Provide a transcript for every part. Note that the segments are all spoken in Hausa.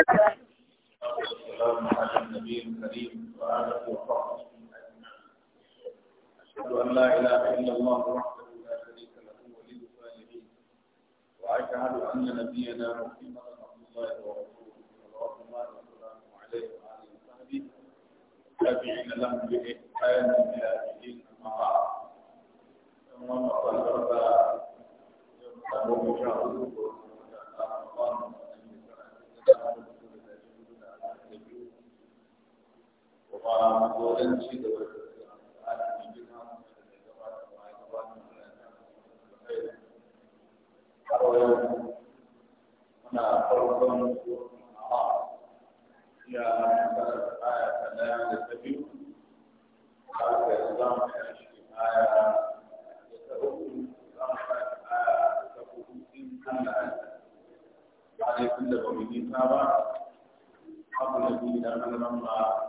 السلام على النبي الكريم وآله وصحبه أشهد أن لا إله إلا الله وحده لا شريك له ولي الصالحين وأشهد أن نبينا محمدا عبد الله ورسوله صلوات الله وسلامه عليه وآله وصحبه تابعين لهم بإحسان إلى الدين أما بعد ثم نقل ربا يوم القيامة ba wurin ci gaba da muna farkon ya nasara aya ta daya da ta biyu har da za mu da ta da da da da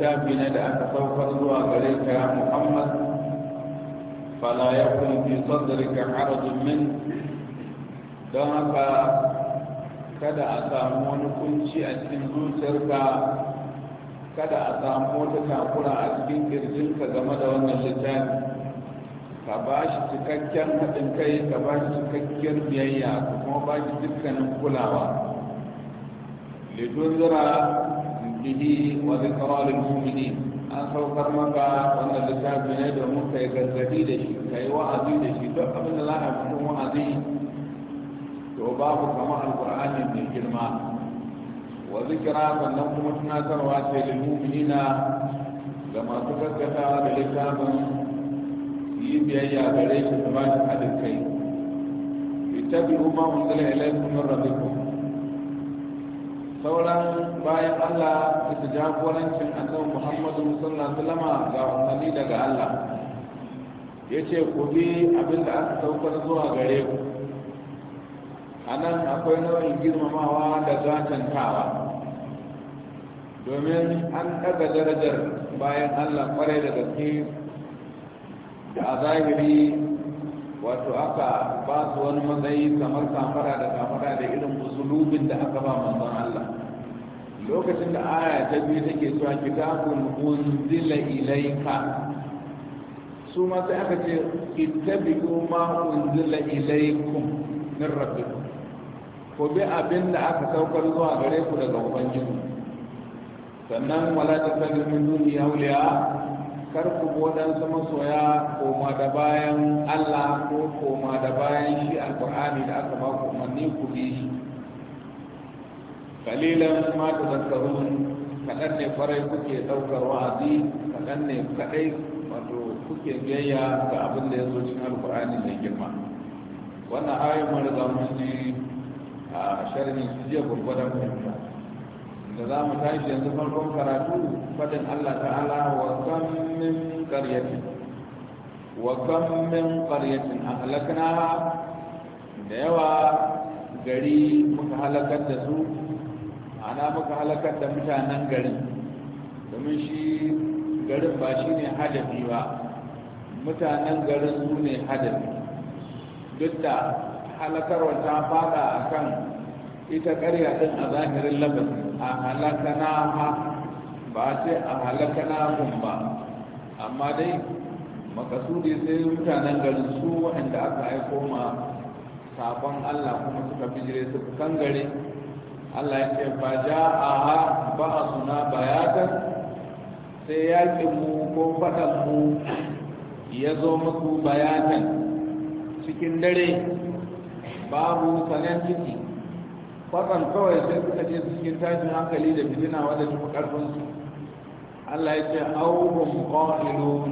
littafi na da aka sauka zuwa gare ka muhammad fala ya kun fi sadrika harajin min don haka kada a samu wani kunci a cikin zuciyarka kada a samu wata takura a cikin kirjinka game da wannan littafi ka ba shi cikakken haɗin kai ka ba shi cikakkiyar biyayya ka kuma ba shi dukkanin kulawa lidunzira به وذكرى للمؤمنين أن سوكر مكا وأن الإسلام من أجل مكة يكذبين شيء كي وأزيد شيء فقط الله الله يكون وأزيد توباه كما القرآن من الكلمات وذكرى أن لكم تناثر للمؤمنين لما تكتبت على الإسلام يبيع يا بريش سماش حد الكي اتبعوا ما أنزل إليكم من ربكم sauran bayan Allah su jagorancin annabi Muhammadu sallallahu alaihi wasallam ga umarni daga Allah yace ku bi abin da aka saukar zuwa gare ku anan akwai nau'in girmamawa da gatantawa domin an daga darajar bayan Allah kwarai da gaske da a zahiri wato aka ba su wani matsayi kamar samara da kamara da irin musulubin da aka ba manzon Allah lokacin da aya ta biyu take cewa kitabun unzila ilaika su ma sai aka ce ittabi'u ma unzila ilaikum min rabbikum ko bi abin da aka saukar zuwa gare ku daga ubangiji sannan wala ta sanu min duniya awliya kar ku waɗansu masoya koma da bayan Allah ko koma da bayan shi alƙur'ani da aka ba ku manni ku bi shi kalilan ma ta zakarun kaɗan ne farai kuke ɗaukar wa'azi kaɗan ne kaɗai wato kuke biyayya ga abin da ya zo cikin alƙur'ani mai girma wannan da zamu ji a sharhin su je gurgurdan fahimta da za mu tashi yanzu farkon karatu fadin Allah ta'ala wa kam min qaryatin wa kam min a ahlaknaha da yawa gari muka halakar da su ana muka halakar da mutanen garin domin shi garin ba shi ne hadafi ba mutanen garin su ne hadafi duk da halakarwa ta fada kan. ita karya din a zahirin labarin a halakana ha ba ce a halakana hun ba amma dai makasudi sai mutanen garin su waɗanda aka aiko ma sabon allah kuma suka bijire suka kangare allah ya ce ba ja a ha ba a suna bayatar sai yakin mu ko faɗan mu ya zo musu bayatan cikin dare babu sanen ciki kwatsam kawai sai suka ce cikin tashin hankali da fitina wadda ta fi ƙarfinsu allah ya ce auhum qa'ilun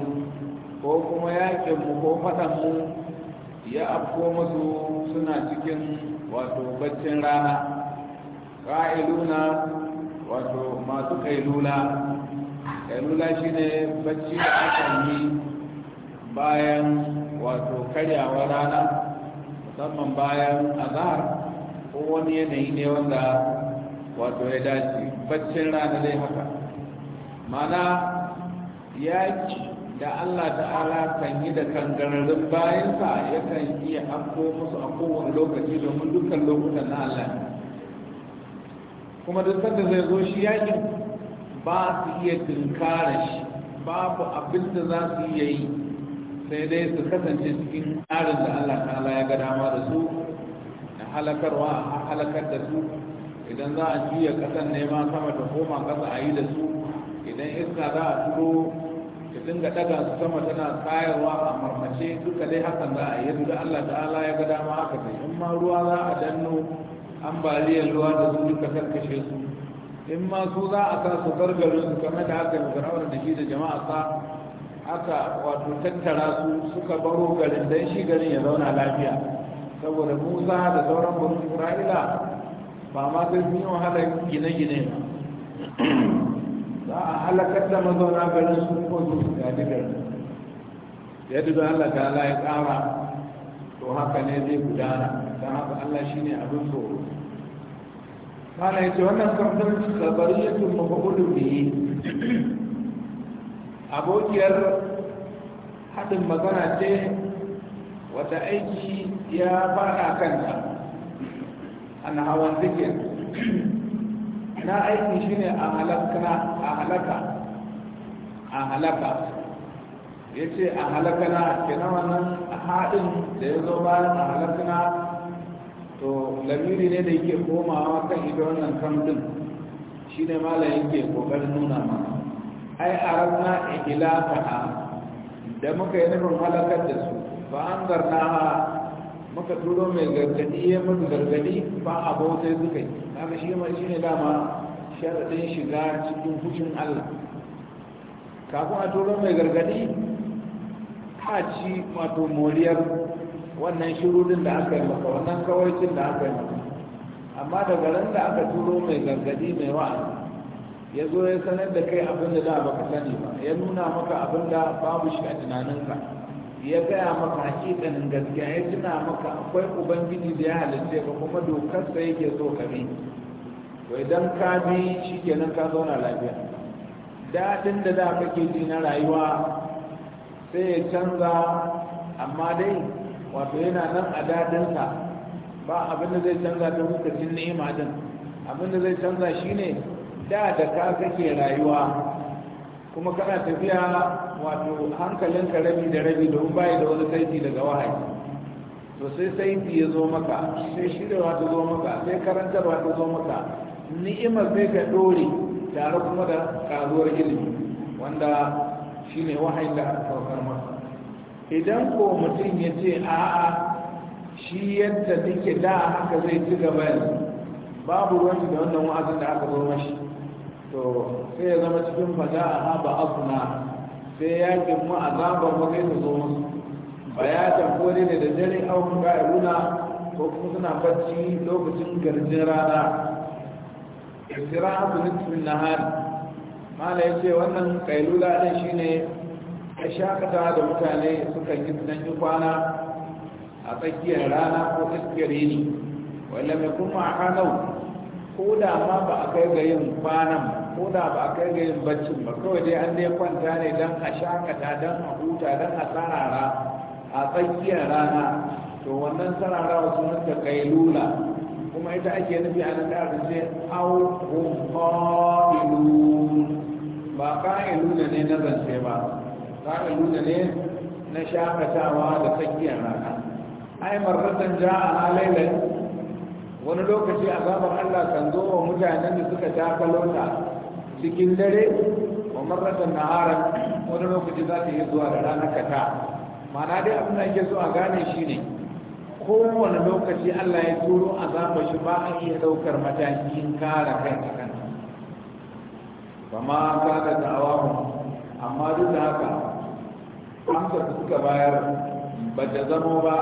ko kuma yakin mu ko fatan mu ya afko musu suna cikin wato baccin rana qa'iluna wato masu kailula kailula shine bacci da aka yi bayan wato karyawa rana musamman bayan azahar ko wani yanayi ne wanda wato ya dace baccin rana dai haka mana yaki da Allah ta'ala kan yi da kangararrun bayansa yakan iya afko musu a kowane lokaci domin dukkan lokutan na Allah kuma duk sanda zai zo shi yaƙi ba su iya tunkara shi babu abin da za su iya yi sai dai su kasance cikin tsarin da Allah ta'ala ya ga dama da su halakarwa a halakar da su idan za a juya kasan neman sama ta koma kasa a yi da su idan iska za a turo ta dinga daga su sama tana tsayarwa a marmace duka dai hakan za a yi da Allah ta'ala ya ga dama haka ne in ma ruwa za a danno ambaliyar ruwa da su duka karkashe su in ma su za a sa su gargarin su kamar da haka fir'auna da shi da jama'a sa aka wato tattara su suka baro garin don shi garin ya zauna lafiya saboda musa da sauran banu isra'ila ba ma sai sun yi wahala gine-gine za a halakar da mazauna garin sun ko su su gaji garin yadda da allah ta ala ya tsara to haka ne zai gudana don haka allah shi ne abin tsoro mana ya ce wannan kamfan labariyatun mafa'ulun bihi abokiyar haɗin magana ce wata aiki ya fara kanta an hawan zikir na aiki shine a halaka a halaka a halaka ya ce a halakana kenan wannan haɗin da ya zo bayan a halakana to lamiri ne da yake komawa kan ita wannan kamdin shi ne malam yake kokarin nuna ma ai a rana ihilaka da muka yi nufin halakar da su ba an zarna maka turo mai gargadi ya mutu gargadi ba a bautai suka yi haka shi ma shi ne dama sharaɗin shiga cikin fushin Allah kafin a turo mai gargadi ka ci wato moriyar wannan shirudin da aka yi maka wannan kawaicin da aka yi maka amma daga ran da aka turo mai gargadi mai wa'azi ya zo ya sanar da kai abin da za baka sani ba ya nuna maka abin da babu shi a tunaninka ya gaya maka hakikanin gaskiya ya tuna maka akwai ubangiji da ya halitta ba kuma dokarsa yake so ka bi to idan ka bi shi kenan ka zauna lafiya daɗin da za kake ji na rayuwa sai ya canza amma dai wato yana nan a daɗinsa ba abin da zai canza ta lokacin ni'ima din abin da zai canza shine da da ka kake rayuwa kuma kana tafiya wato hankalinka rabi da rabi domin bayi da wani saiti daga wahayi to sai saiti ya zo maka sai shirya ta zo maka sai karantarwa ta zo maka ni'imar sai ka dore tare kuma da karuwar ilimi wanda shi ne wahayin da aka saukar masa idan ko mutum ya ce a'a shi yadda take da haka zai ci gaba yanzu babu wani da wannan wa'azin da aka zo mashi to sai ya zama cikin fada a haɓa abuna sai yakin mu a zaɓar wani da zo musu bayatan ko ne da dare awon ga'iruna ko kuma suna bacci lokacin garjin rana istiraha bu na nahar mala ya ce wannan kailula ɗin ne. A shakata da mutane suka yi nan yi kwana a tsakiyar rana ko tsakiyar yini wanda mai kuma a hanau ko da ma ba a kai ga yin kwanan ko da ba a kai ga yin baccin ba kawai dai an dai kwanta ne don a shakata don a huta don a sarara a tsakiyar rana to wannan sarara wasu nuka kai lula kuma ita ake nufi a nan da ce au hum ba qa'iluna ne na zance ba qa'iluna ne na shakatawa da tsakiyar rana ai marratan ja'a halailan wani lokaci azabar Allah kan zo wa mutanen da suka kalonta cikin dare wa marratan nahara wani lokaci za ta yi zuwa da ranar kata mana dai abin da ake so a gane shi ne kowane lokaci Allah ya turo azabar shi ba a iya daukar matakin kare kai a kan ma ka da da'awa amma duk da haka amsa suka bayar ba ta zama ba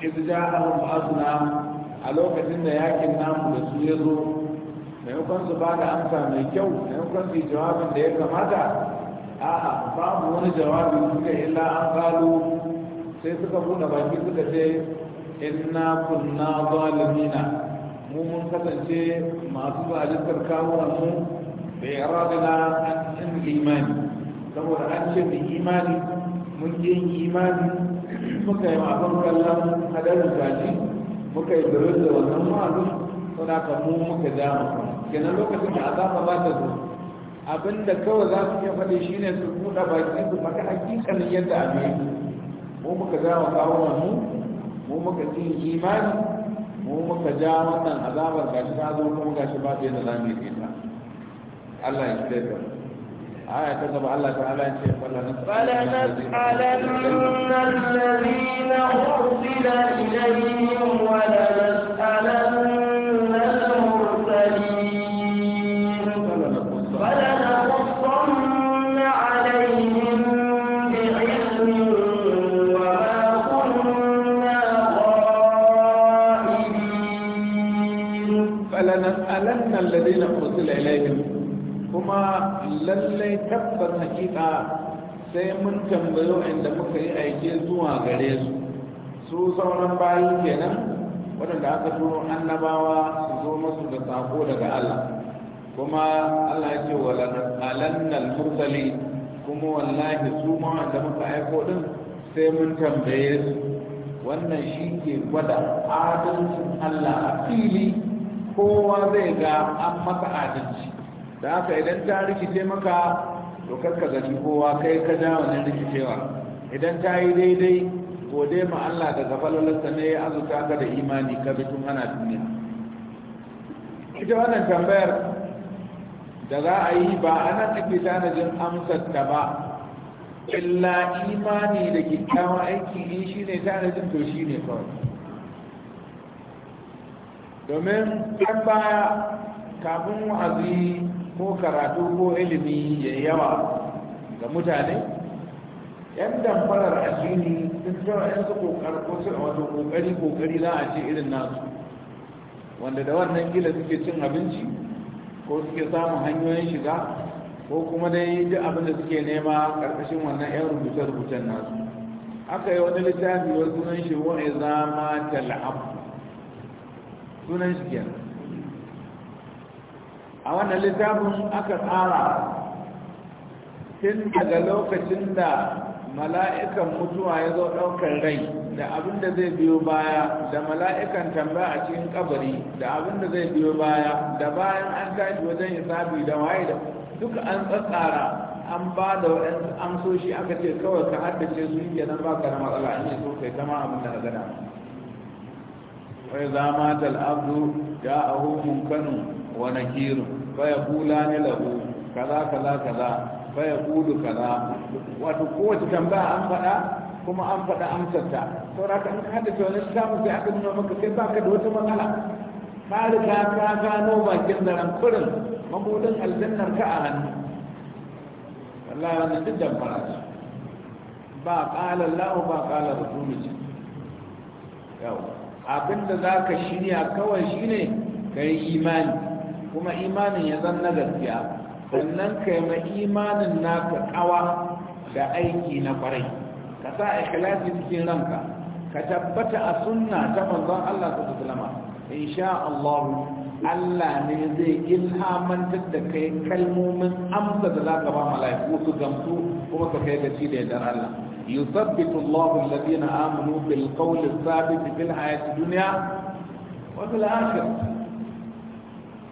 idza ja'ahum asna a lokacin da yakin namu da su ya zo maimakon su ba da amsa mai kyau maimakon su jawabin da ya kamata a'a babu wani jawabi suka illa an kalu sai suka buɗe baki suka ce inna kunna zalimina mu mun kasance masu zalitar kawunan mu da na an cin imani saboda an ce imani mun yi imani muka yi masu kallon hadarin gashi muka yi durin da wannan malu suna ka mu muka ja kenan lokacin da azaba ba ta zo abinda kawai za su iya faɗi shine su buɗe baki su maka hakikanin yadda abin yi, mu muka ja wa kawo mu mu muka yi imani mu muka ja wannan azabar gashi ta zo kuma gashi ba ta yi da mu yi ta Allah ya ka. آية كتب الله تعالى فلنسألن الذين أرسل إليهم ولنسألن kuma lallai tabbar hakika sai mun tambayo inda muka yi aiki zuwa gare su su sauran bayi kenan waɗanda aka turo annabawa su zo masu da sako daga Allah kuma Allah ya ce wa mursali kuma wallahi su ma wanda muka aiko din sai mun tambaye su wannan shi ke gwada adalcin Allah a fili kowa zai ga an masa adalci da haka idan ta rikice maka to karka kowa kai ka ja wannan rikicewa idan ta yi daidai gode ma Allah da gafalarsa ne ya azuta ka da imani ka bi tun ana duniya ita wannan tambayar da za a yi ba ana tafi tanajin amsar ta ba illa imani da kyakkyawan aiki ne shi ne tanajin to shi ne kawai domin ɗan baya kafin wa'azi ko karatu ko ilimi ya yawa ga mutane yan damfarar addini sun jawa yan su kokari wato kokari kokari za a ce irin nasu wanda da wannan gila suke cin abinci ko suke samun hanyoyin shiga ko kuma dai duk abin da suke nema karkashin wannan yan rubuce-rubucen nasu aka yi wani littafi wani sunan shi wa'iza ma tal'ab sunan shi kenan a wannan littafin aka tsara tun daga lokacin da mala'ikan mutuwa ya zo ɗaukar rai da abin da zai biyo baya da mala'ikan tambaya a cikin kabari da abin da zai biyo baya da bayan an tashi wajen hisabi da waye da duk an tsatsara an ba da waɗansu amsoshi aka ce kawai ka haddace su yi nan ba ka da matsala in yi so kai kama abin da ka gana wai za tal'abdu ya ahu munkanu wa fayakulani lahu kaza kaza kaza fayakulu kaza wato kowace tambaya an faɗa kuma an faɗa amsarta saboda ka in ka haddace samun sai aka nuna maka kai baka da wata matsala ka riga ka gano bakin daren kurin mabudin aljannar ka a hannu wallahi wannan duk damfara ce ba ƙala lahu ba ƙala rasulu ce yau abinda za ka shirya kawai shine ka yi imani kuma imanin ya zan na gaskiya sannan ka yi ma imanin ka kawa da aiki na kwarai ka sa ikhlasi cikin ranka ka tabbata a sunna ta manzon Allah sallallahu insha Allah Allah ne zai ilhamantar da kai kalmomin amsa da zaka ba malaiku su gamsu kuma ka kai gaci da yardar Allah yusabbitu Allah alladhina amanu bil qawli thabit fil hayati dunya wa fil akhirah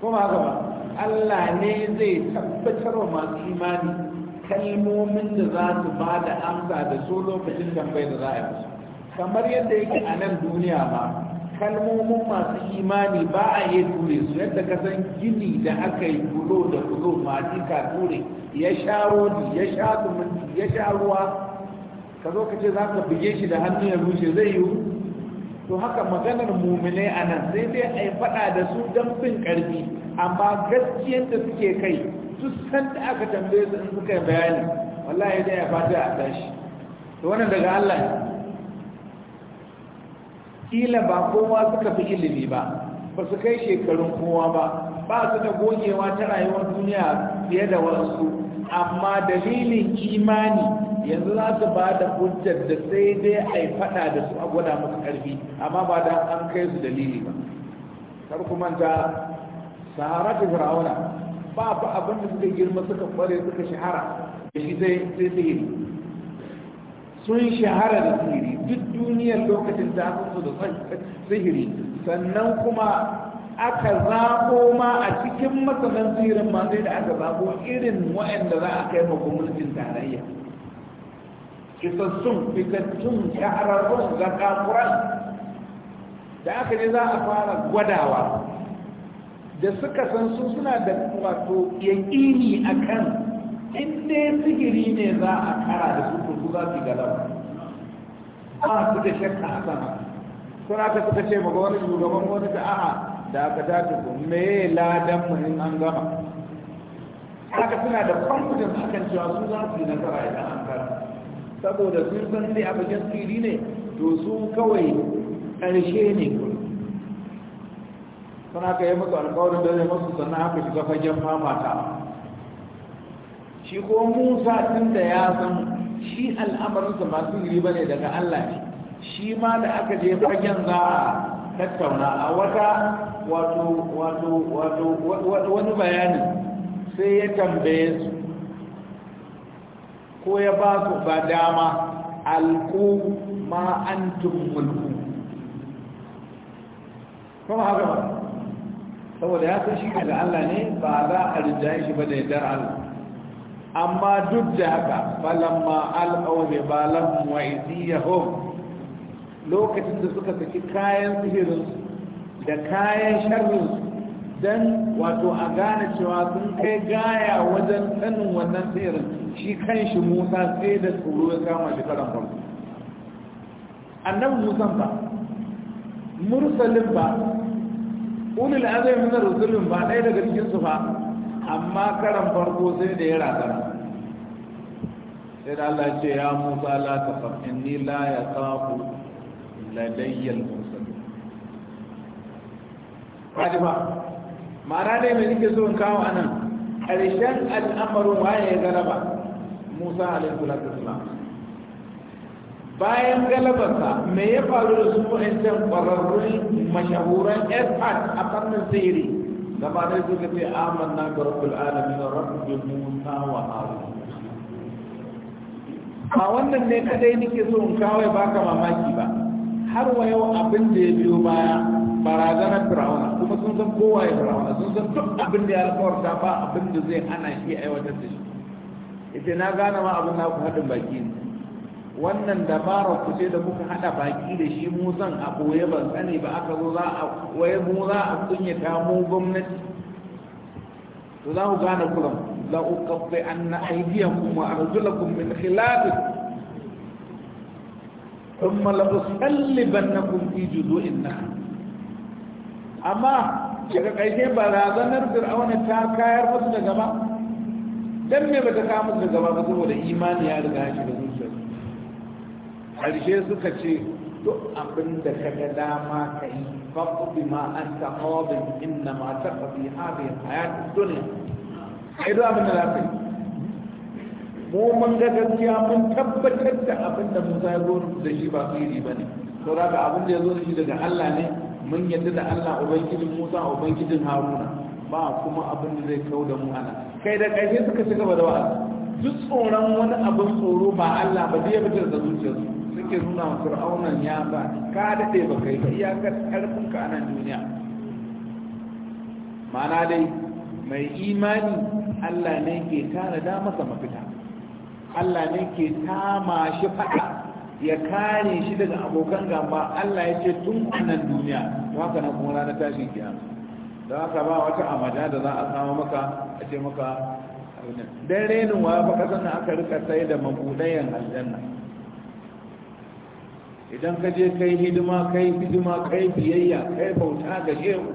kuma haka ba Allah ne zai tabbatar wa masu imani kalmomin da za su ba da amsa da su lokacin tambayar da za a yi kamar yadda yake a nan duniya ba kalmomin masu imani ba a yi ture su yadda ka san gini da aka yi bulo da bulo masu ka ture ya sha rodi ya sha ya sha ruwa ka zo ka ce za ka buge shi da hannu ya rushe zai yiwu to haka maganar muminai a nan sai dai a yi faɗa da su don bin ƙarfi amma gaskiyar da suke kai duk da aka tambaye su in suka yi bayani wallahi dai ya fata a tashi to wannan daga Allah kila ba kowa suka fi ilimi ba ba su kai shekarun kowa ba ba su da gogewa ta rayuwar duniya fiye da wasu amma dalilin imani yanzu za su ba da hujjar da sai dai a yi fada da su a gwada masu karfi amma ba da an kai su dalili ba kar ku manta sahara ta ba ba abin da suka girma suka kware suka shahara da shi sai sai sihiri sun shahara da sihiri duk duniyar lokacin da su da sihiri sannan kuma aka zaɓo ma a cikin masanan tsirin ma sai da aka zaɓo irin waɗanda za a kai ma gwamnatin tarayya kisassun fitattun ga ƙafuran. da aka ne za a fara gwadawa da suka san su suna da wato yaƙini a kan inda sigiri ne za a kara da su za su galaba ba su da shakka a sama suna ta suka ce ma shugaban wani da a'a dakata ta me ladan mu an gama haka suna da confidence hakan cewa su za su yi nasara idan an kara saboda sun san dai abu gaskiri ne to su kawai ƙarshe ne kuma suna ka yi musu alƙawarin da zai masu sannan haka shiga fagen mamata shi ko musa tun da ya san shi al'amarinsa masu iri ba ne daga allah ne shi ma da aka je fagen za a tattauna a wata wato wato wato wani bayani sai ya tambaye su ko ya ba su ba dama alku ma antum mulku kuma haka ba saboda ya san shi da Allah ne ba za a rijaye shi ba da yardar Allah amma duk da haka falamma alqaw bi balam wa idiyahum lokacin da suka saki kayan su. da kayan sharri don wato a gane cewa sun kai gaya wajen sanin wannan tsirin shi kan shi musa sai da tsoro ya kama shi karan farko annabi musan ba mursalin ba ulil azai min rusulin ba ɗaya daga cikin su ba amma karan farko sai da ya razana sai da Allah ya ce ya musa la tafaf inni la yaqafu ladayyal musa fatima ma'ana dai mai nike so in kawo a nan ƙarshen al'amarin waye ya galaba musa alaihi salatu bayan galabarsa me ya faru da su wa'ancan ƙwararrun mashahuran expert a fannin sihiri gabatar suka ce amanna ga rabbul alamin rabbi musa wa haru ba wannan ne kadai nike so in kawo ya baka mamaki ba har wa yau abin da ya biyo baya barazanar firawuna, kuma sun san kowa ya firawuna sun san duk abin da ya ta ba abin da zai hana shi aiwatar da shi ita na gane ma abin na ku haɗin baki ne wannan dabarar ku ce da kuka haɗa baki da shi mu zan a ɓoye ban sani ba aka zo za a waye mu za a kunyata mu gwamnati to za ku gane kulan la uqaffi anna aydiyakum wa arjulakum min khilaf ثم لأصلبنكم في جذوع النخل amma daga ƙarshe barazanar fir'auna ta kayar musu da gaba dan me bata kawo musu da gaba ba saboda imani ya riga shi da zuciya ƙarshe suka ce duk abin da ka ga dama ka yi faƙuɗi ma an ta ƙobin inna ma ta ƙafi haɗe a yakin duniya ai duk abin da za ka yi mu mun ga gaskiya mun tabbatar da abin da musa ya zo da shi ba tsiri ba ne to za abin da ya zo da shi daga allah ne mun yadda da Allah ubangijin Musa ubangijin Haruna ba kuma abin da zai kawo da mu ana kai da kai suka ci gaba da wa'azi duk tsoron wani abin tsoro ba Allah ba zai fitar da zuciyarsu suke nuna wa fir'aunan ya ba ka daɗe ba kai ba iyakar karfin ka duniya ma'ana dai mai imani Allah ne ke tana da masa mafita Allah ne ke tama shi faɗa ya kare shi daga abokan gaba Allah ya ce tun wannan duniya to haka nan kuma ranar tashin kiya don haka ba wata amada da za a samu maka a ce maka dan renin wa ba kasan na aka rika sai da mabudayen aljanna idan ka je kai hidima kai hidima kai biyayya kai bauta ga shehu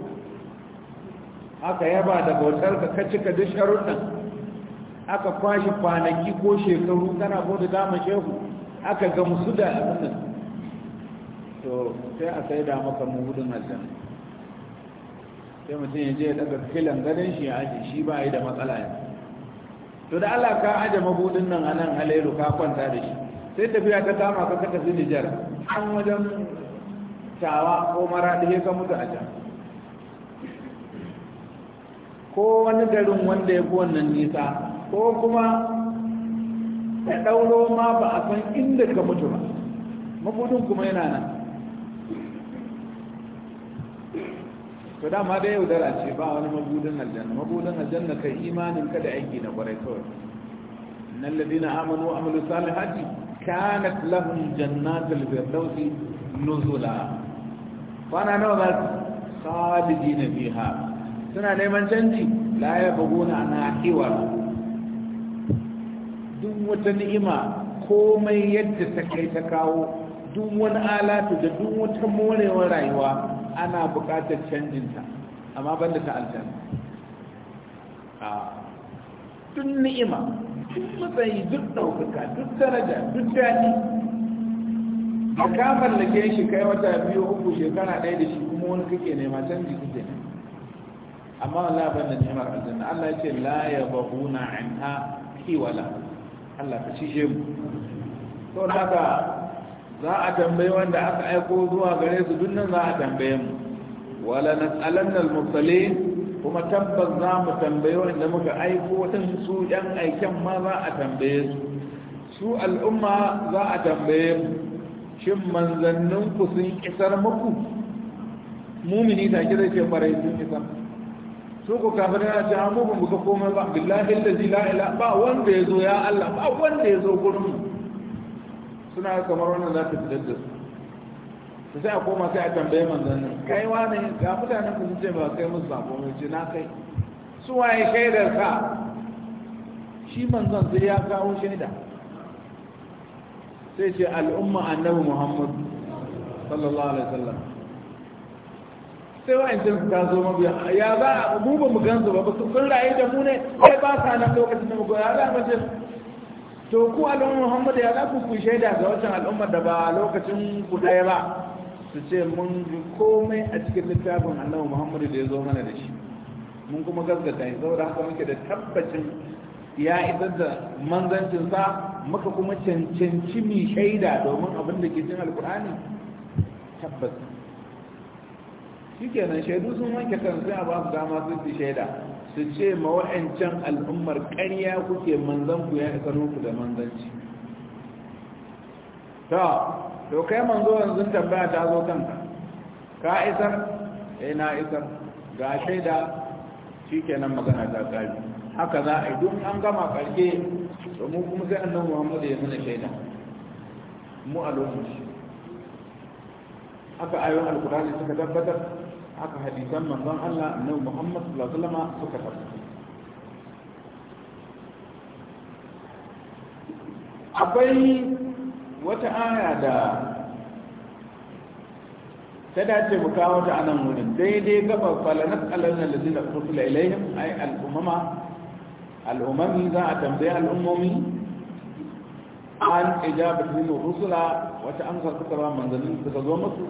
aka yaba da bautar ka ka cika duk sharuɗan aka kwashi kwanaki ko shekaru kana bude dama shehu aka musu da abin to sai a sai da maka gudun aljanna sai mutum ya je ya daga filan gadon shi ya aji shi ba yi da matsala ya to da Allah ka aje mabudin nan a nan halayru ka kwanta da shi sai tafiya ta kama ka kaka su Nijar an wajen tawa ko mara da ka mutu a can ko wani garin wanda ya fi wannan nisa ko kuma da ɗauro ma ba a san inda ka mutu ba mabudin kuma yana nan to dama da yaudara ce ba wani mabudin aljanna mabudin aljanna kai imanin ka da aiki na kwarai kawai nan ladina amanu amalu salihati kanat lahum jannatul firdausi nuzula kwana nawa za su khalidina fiha suna neman canji la yabghuna anha hiwara wata ni'ima komai yadda ta kai ta kawo duk wani alatu da duk wata morewar rayuwa ana buƙatar canjinta amma banda ta aljanna tun ni'ima duk matsayi duk ɗaukaka duk daraja duk daɗi da da ke shi kai wata biyu uku shekara ɗaya da shi kuma wani kake nema canji kuke ne amma Allah banda ni'imar aljanna Allah ya ce la yabghuna anha wala Allah ka cishe mu to haka za a tambayi wanda aka aiko zuwa gare su dunnan za a tambaye mu wala nas'alanna al-mursalin kuma tabbas za mu tambaye wanda muka aiko din su yan aiken ma za a tambaye su su al'umma za a tambaye mu shin manzanninku sun isar muku mumini ta kira ce farai sun isar su ku kafin ya ce an mu ga komai ba billahi allazi la ila ba wanda ya zo ya Allah ba wanda ya zo gurin suna kamar wannan za ta fitar da su sai a koma sai a tambaye manzon nan kai wani ga mutanen ku sun ce ba kai musu sako mai ce na kai su waye shaidar ka shi manzon sai ya kawo shaida sai ce al'umma annabi muhammad sallallahu alaihi wasallam sai wa'ancan jinsu ta zo mabiya ya za a mu ba mu gansu ba su sun rayu da mu ne sai ba sa nan lokacin da mu ya za a mace to ku alumma muhammad ya za ku ku shaida ga wancan al'ummar da ba lokacin ku ɗaya ba su ce mun ji komai a cikin littafin annabi muhammadu da ya zo mana da shi mun kuma gaskata shi saboda haka muke da tabbacin ya isar da manzancinsa muka kuma cancanci mai shaida domin abin da ke cin alkur'ani tabbas nan, shaidu sun wanke kan sai a ba su dama su ci shaida su ce ma wa'ancan al'ummar ƙarya kuke manzan ku ya isar muku da manzanci ta to kai manzo yanzu tambaya ta zo kanka ka isar eh na isar ga shaida nan magana ta kare haka za a yi duk an gama karke to mu kuma sai annabi Muhammadu ya nuna shaida mu a lokaci haka ayoyin alkurani suka tabbatar haka hadisan manzon Allah na Muhammad sallallahu alaihi wasallam suka tabbata akwai wata aya da ta dace mu kawo ta anan wurin daidai gaba falanat alanna ladina rusula ilaihim ay al-umama al-umami za a tambaye al-ummomi an ijabatu rusula wata amsa suka ba manzannin suka zo musu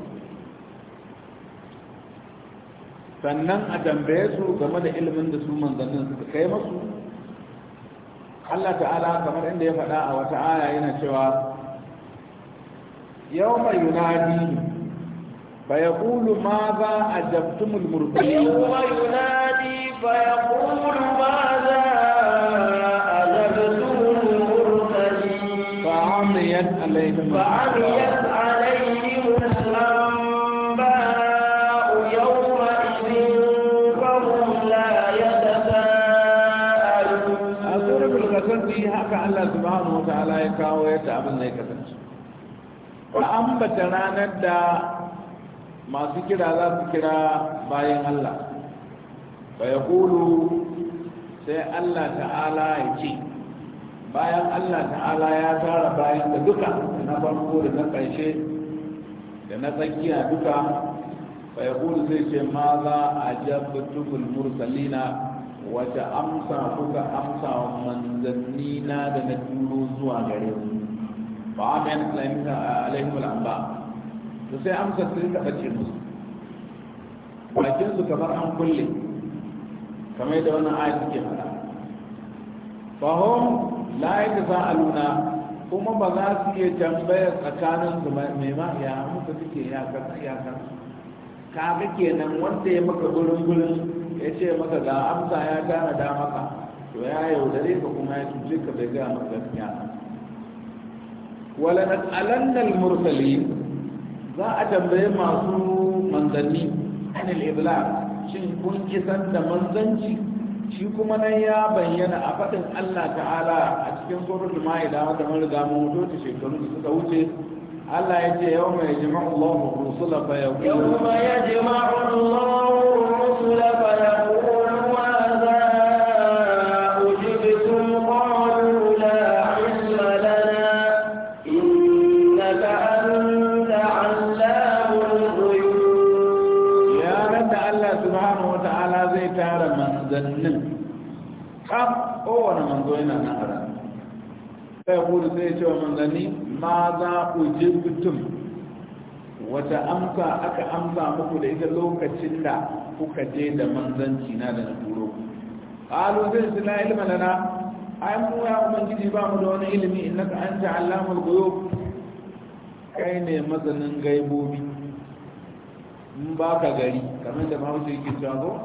sannan a tambaye su game da ilimin da su manzannin suka kai masu Allah ta'ala kamar inda ya faɗa a wata aya yana cewa yau mai yunadi fa ya kulu ma za a jabtumul murfi yau mai yunadi ta'ala ya kawo yadda abin zai kasance ambata ranar da masu kira za su kira bayan Allah fa ya sai Allah ta'ala ya ce bayan Allah ta'ala ya tara bayan da duka da na farko da na karshe da na tsakiya duka fa ya kulu zai ce ma za a jabbatu mursalina wata amsa kuka amsa wa manzanni na da na turo zuwa gare mu ba a mai alaihi wa lamba to sai amsa sun taɓa bace musu bakin su kamar an kulle kamar yadda wannan ayat suke faɗa fahom la yadda za a kuma ba za su iya tambayar tsakanin su mai ma ya muka suke ya kan ka ga kenan wanda ya maka gurin gurin ya ce maka ga amsa ya gane da maka to ya yaudare ka kuma ya cuce ka bai gaya maka gaskiya wala nas'alannal mursalin za a tambaye masu manzanni anil iblaq shin kun kisan da manzanci shi kuma nan ya bayyana a faɗin Allah ta'ala a cikin suratul ma'ida wanda mun riga mun mutu shekaru da suka wuce Allah ya ce yau mai jima'u Allah rusula fa yaqulu yawma yajma'u Allah rusula fa manzo yana nan a sai kudu sai ya ce wa manzanni ma za ku je mutum wata amsa aka amsa muku da ita lokacin da kuka je da manzanci na da na turo ƙalu zai su na ilma lana ai mu ya ubangiji ba mu da wani ilimi in innaka anta allamul goyo kai ne mazanin gaibobi in ba ka gari kamar da bahaushe yake cewa ko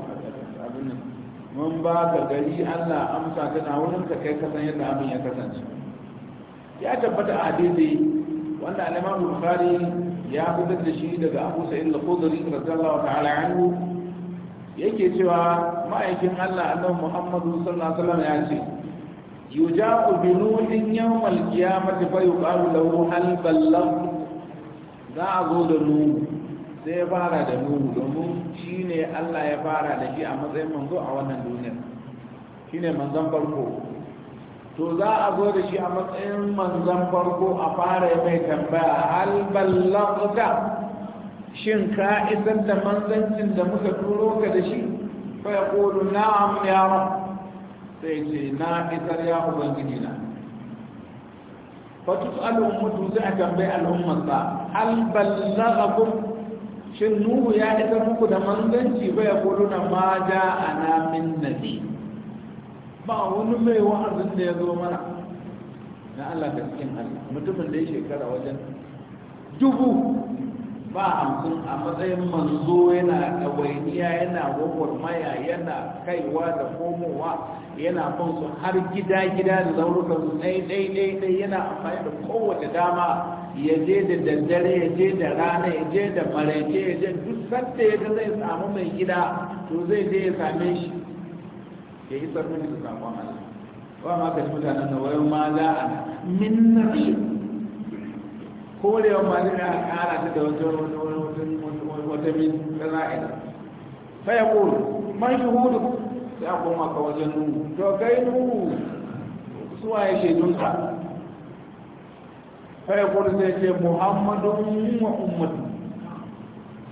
abin nan mun ba ka gari allah amsa tana wurin ka kai kasan yadda abin ya kasance ya tabbata a daidai wanda alimamu bukhari ya fitar da shi daga abu sa'id al-khudri radiyallahu ta'ala anhu yake cewa ma'aikin allah annabi muhammadu sallallahu alaihi wasallam ya ce yujaku bi nuhin yawmal qiyamati fa yuqalu lahu hal ballagh za a zo da nuhu sai ya fara da nuhu domin shi ne allah ya fara da shi a matsayin manzo a wannan duniyar shi ne manzan farko to za a zo da shi a matsayin manzan farko a fara mai tambaya hal shin ka isar da manzancin da muka turo ka da shi fa ya kulu na'am ya sai ce na isar ya ubangiji na fa tus'alu ummatu za a tambayi al'ummar sa hal ballagakum shin nuhu ya isa muku da manzanci bai ya kudu na ma ja a namin nabi ba wani mai wa'azin da ya zo mana na Allah da cikin hali mutumin da ya shekara wajen dubu ba hamsin a matsayin manzo yana ɗawainiya yana gwagwarmaya yana kaiwa da komowa yana ban su har gida-gida da zaurukan su ɗai ɗai yana amfani da kowace dama ya je da daddare ya je da rana ya je da maraice ya je duk sanda ya ga zai samu mai gida to zai je ya same shi ya yi sarfin da sakon Allah ba ma ka ci mutanen da wayo ma za a min nafi korewa ma zai a kara ta da wata min da za'ida fa ya kuru man hudu sai a koma ka wajen nuhu to kai nuhu suwaye shaidunka fa yaqulu sai ce muhammadun wa ummatu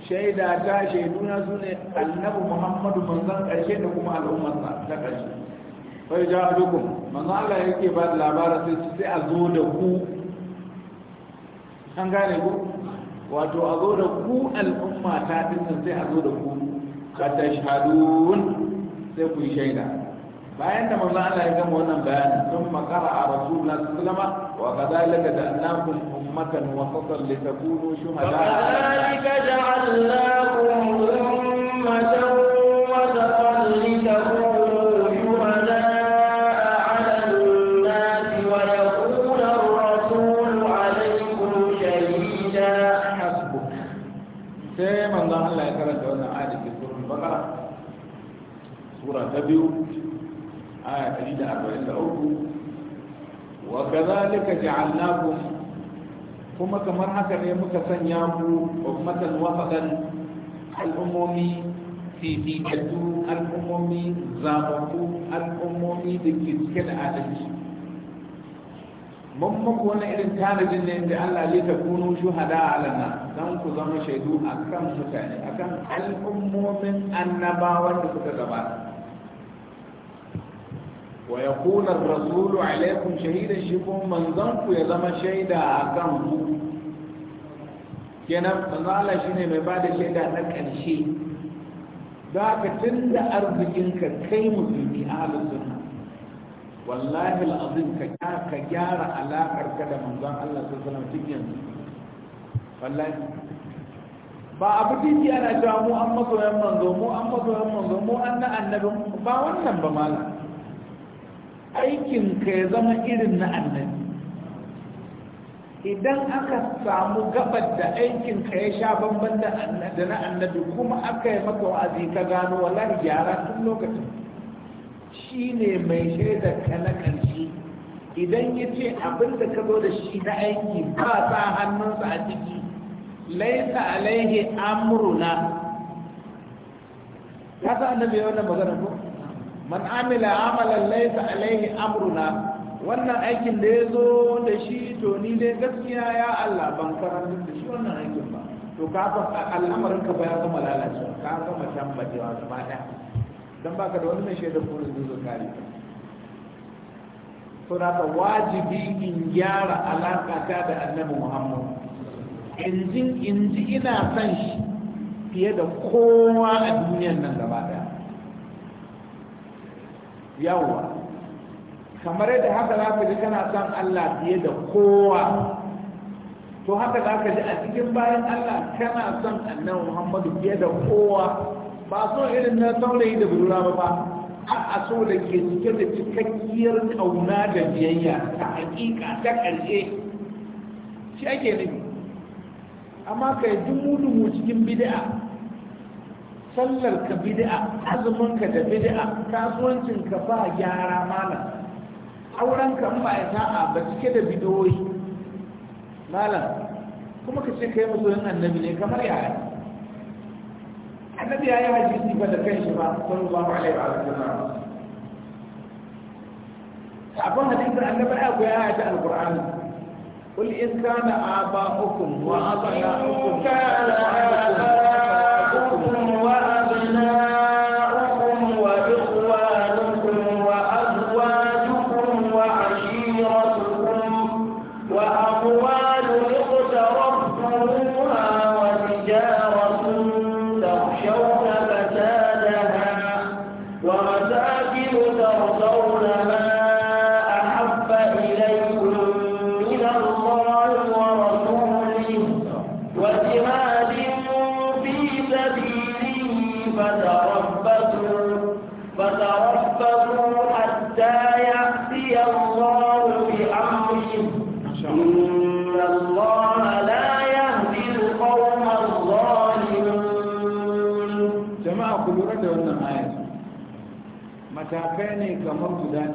shaida ta shaiduna su ne annabi muhammadu manzon karshe da kuma al'ummarsa ta karshe sai ja dukun manzon Allah yake ba da labarin sai sai a zo da ku an gane ku wato a zo da ku al'umma ta dinnan sai a zo da ku ka shahadun sai ku shaida bayan da manzon Allah ya gama wannan bayanin sun makara a rasulullah sallallahu alaihi wasallam وكذلك جعلناكم أمة وسطا لتكونوا شهداء وكذلك جعلناكم kazalika ja'alnakum kuma kamar haka ne muka sanya ku ummatan wasadan al'ummomi fifikatu al'ummomi zaɓaɓɓu al'ummomi da ke cike da adalci mun muku wani irin tanadin ne da Allah ne ta kunu shuhada a lana don ku zama shaidu a kan mutane a kan al'ummomin annabawan da suka gabata wa ya kunar rasulu alaikum shahidan shi kun manzanku ya zama shaida a kan ku kenan manzala shi ne mai ba da shaida na ƙarshe za ka tun da arzikinka kai musulmi a halin suna wallahi al'azim ka gyara alaƙar ka da manzan Allah su salam cikin wallahi ba abu titi ana cewa mu an masoyan manzo mu an masoyan manzo mu an na annabin ba wannan ba malam aikinka ya zama irin na annabi idan aka samu gabar da aikinka ya sha bamban da na annabi kuma aka yi maka wa'azi ka gano wallahi gyara tun lokacin shi ne mai shaida ka na ƙarshe idan ya ce abin da ka zo da shi na aiki ba sa hannunsa a ciki laisa alaihi amuruna ka sa annabi ya wannan magana ko man amila amalan laysa alaihi amruna wannan aikin da ya zo da shi to ni dai gaskiya ya Allah ban karanta da shi wannan aikin ba to ka fa al'amarin ka ba ya zama lalacewa ka gama tambajewa gaba daya dan baka da wani mai shaida ko da zuwa kare to da ka wajibi in gyara alaka ta da annabi Muhammad in ji in ji ina son shi fiye da kowa a duniyar nan gaba yawwa kamar yadda haka za ka ji kana son Allah fiye da kowa to haka za ka ji a cikin bayan Allah kana son annabi Muhammadu fiye da kowa ba so irin na saurayi da budura ba ba a so da ke cike da cikakkiyar kauna da biyayya ta hakika ta ƙarshe shi ake nufi amma kai mutum cikin bid'a sallar ka bid'a azumin ka da bid'a kasuwancin ka ba gyara malam auren ka ba ya sa'a ba cike da bidoyi malam kuma ka ce kai masoyin annabi ne kamar yaya annabi ya yi hadisi ba da kanshi ba sallallahu alaihi wa sallam abin hadisi annabi ya koya ya ta alqur'ani قل إن كان آباؤكم وأبناؤكم وأبناؤكم